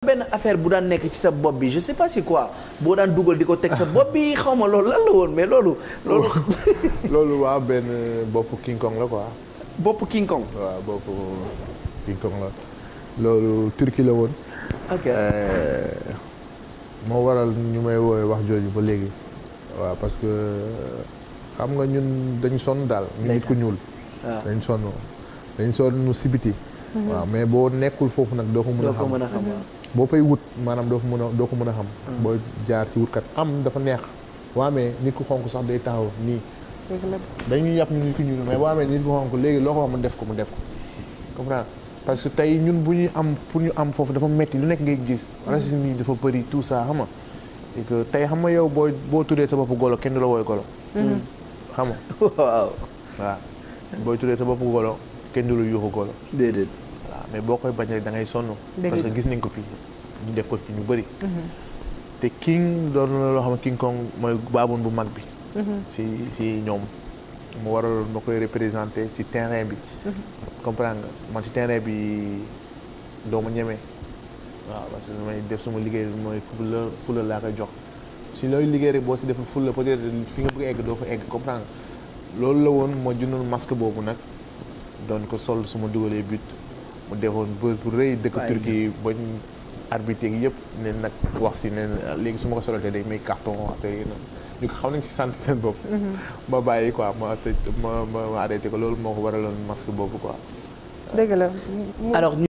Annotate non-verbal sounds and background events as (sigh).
benn affaire bu daan nekk ci sa bopp bi je sais pas quoi boo daan dugal di ko teg sa bopp bi xaw ma loolu lan la woon mais loolu. loolu oh. (laughs) loolu benn bopp King Kong la quoi. boppu King Kong. waaw boppu King Kong la loolu turki la woon. ok euh, moo waral ñu may woowee wax jooju ba léegi. waaw parce que xam nga ñun dañ sonn daal. ñu nit ku ñuul. Ah. dañ sonn dañ sonn sibiti Mm-hmm. waaw mais boo nekkul foofu nag doo ko mën a xam boo fay wut maanaam doo fa mën a doo ko mën a xam mm. boo jaar si wutkat am dafa neex waa amee nit ku xonk sax day taxaw nii dañuy yàpp ñu nit ku ñuul mais boo amee nit ku xonk léegi loo ko wax mu def ko mu def ko comprendre parce que tey ñun bu ñu am pour ñu am foofu dafa metti lu nekk ngay gis mm. racisme nii dafa bëri tout ça xam nga et que tey xam nga yow boo boo tuddee sa bopp golo kenn du la wooy golo mm-hmm. xam nga (laughs) waaw waaw booy tuddee sa bopp golo kenn du la yuuxu ko la. mais boo koy bañ rek da ngay sonn. parce que gis nañ ko fii ñu def ko ci ñu bëri. Mm-hmm. te king doon na loo xam ne king kong mooy bu mag bi. Mm-hmm. si si ñoom mu waral ma koy représenté si terrain bi. Mm-hmm. comprendre bi doo ma ñeme. waaw parce liggéey mooy fulla fulla laa si looy liggéey boo si defee fulla peut-être fi nga loolu la woon moo jundoon masque boobu nag doon ko sol su ma dugalee but mu defoon bës bu rëy dëkk Turquie bañ arbitre gi yëpp ne nag wax si ne léegi su ma ko solatee day may carton affaire yi noonu ñu ko xam nañ si sant seen bopp mhm. ma bàyyi quoi ma tëj ma ma arrêté ko loolu moo ko waraloon masque boobu quoi dëgg la alors